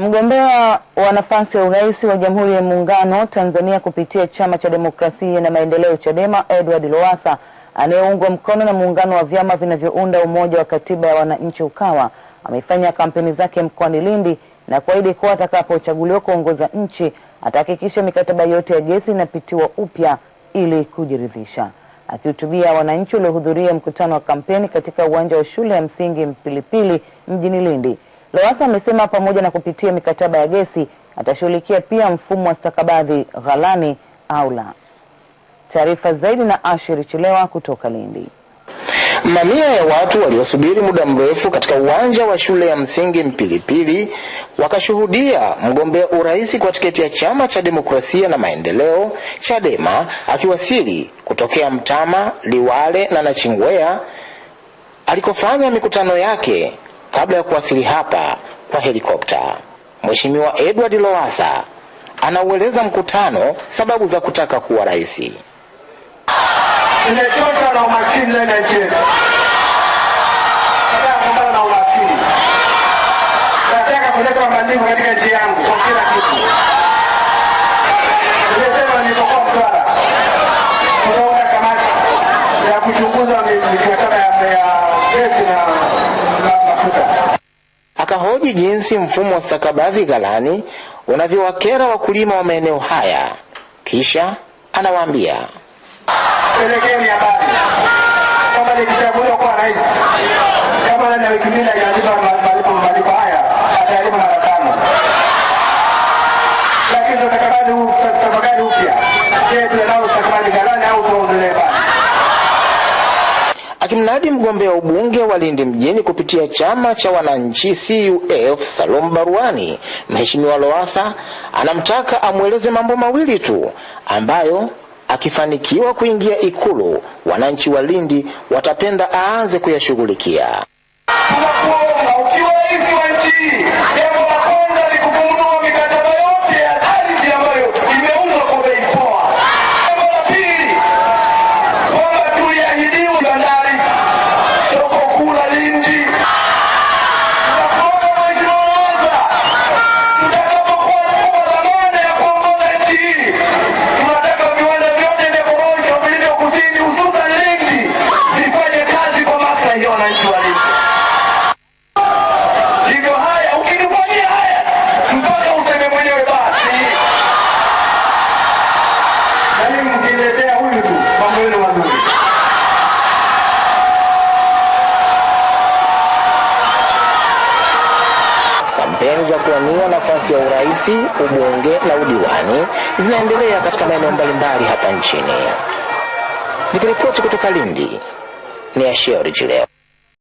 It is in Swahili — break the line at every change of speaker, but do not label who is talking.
Mgombea wa nafasi ya urais wa Jamhuri ya Muungano Tanzania kupitia Chama cha Demokrasia na Maendeleo Chadema, Edward Lowassa anayeungwa mkono na muungano wa vyama vinavyounda Umoja wa Katiba ya Wananchi Ukawa amefanya kampeni zake mkoani Lindi na kuahidi kuwa atakapochaguliwa kuongoza nchi atahakikisha mikataba yote ya gesi inapitiwa upya ili kujiridhisha. Akihutubia wananchi waliohudhuria mkutano wa kampeni katika uwanja wa shule ya msingi Mpilipili mjini Lindi Lowassa amesema pamoja na kupitia mikataba ya gesi atashughulikia pia mfumo wa stakabadhi ghalani au la. Taarifa zaidi na Ashir Chilewa kutoka Lindi.
Mamia ya watu waliosubiri muda mrefu katika uwanja wa shule ya msingi Mpilipili wakashuhudia mgombea urais kwa tiketi ya chama cha demokrasia na maendeleo Chadema akiwasili kutokea Mtama, Liwale na Nachingwea alikofanya mikutano yake kabla ya kuwasili hapa kwa helikopta. Mheshimiwa Edward lowasa anaueleza mkutano sababu za kutaka kuwa rais.
Nimechoka na umaskini ndani ya nchi yetu. Nataka kupambana na umaskini, nataka kuleta mabadiliko katika nchi yangu kwa kila kitu.
kuhoji jinsi mfumo wa stakabadhi ghalani unavyowakera wakulima wa maeneo haya, kisha anawaambia
kama rais kama na wiki mbili
Akimnadi mgombea ubunge wa Lindi mjini kupitia chama cha wananchi CUF Salum Baruani, Mheshimiwa Lowassa anamtaka amweleze mambo mawili tu ambayo akifanikiwa kuingia Ikulu wananchi wa Lindi watapenda aanze kuyashughulikia. za kuwania nafasi ya urais, ubunge na udiwani zinaendelea katika maeneo mbalimbali hapa nchini. Nikiripoti kutoka Lindi ni Asheri Jileo.